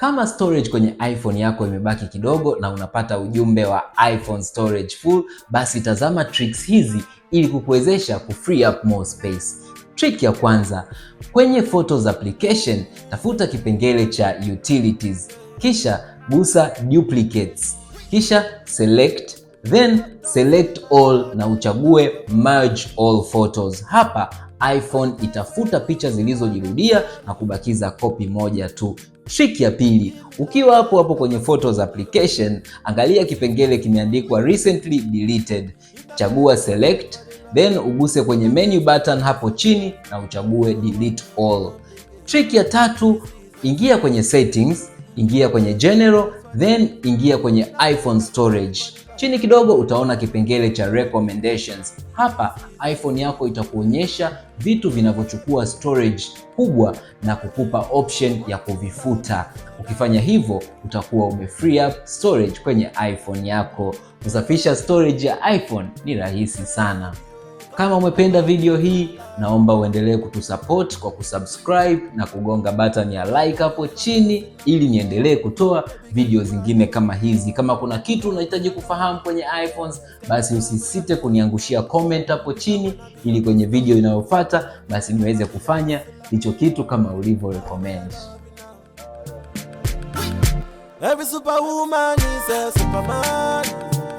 Kama storage kwenye iPhone yako imebaki kidogo na unapata ujumbe wa iPhone storage full, basi tazama tricks hizi ili kukuwezesha ku free up more space. Trick ya kwanza, kwenye Photos application tafuta kipengele cha utilities, kisha gusa duplicates, kisha select then select all na uchague merge all photos. Hapa iPhone itafuta picha zilizojirudia na kubakiza kopi moja tu. Trick ya pili, ukiwa hapo hapo kwenye Photos application, angalia kipengele kimeandikwa recently deleted. Chagua select, then uguse kwenye menu button hapo chini na uchague delete all. Trick ya tatu, ingia kwenye settings, ingia kwenye general, then ingia kwenye iPhone storage. Chini kidogo utaona kipengele cha recommendations. Hapa iPhone yako itakuonyesha vitu vinavyochukua storage kubwa na kukupa option ya kuvifuta. Ukifanya hivyo, utakuwa free up storage kwenye iPhone yako. Kusafisha storage ya iPhone ni rahisi sana. Kama umependa video hii, naomba uendelee kutusupport kwa kusubscribe na kugonga button ya like hapo chini, ili niendelee kutoa video zingine kama hizi. Kama kuna kitu unahitaji kufahamu kwenye iPhones, basi usisite kuniangushia comment hapo chini, ili kwenye video inayofuata basi niweze kufanya hicho kitu kama ulivyo recommend. Every superwoman is a superman.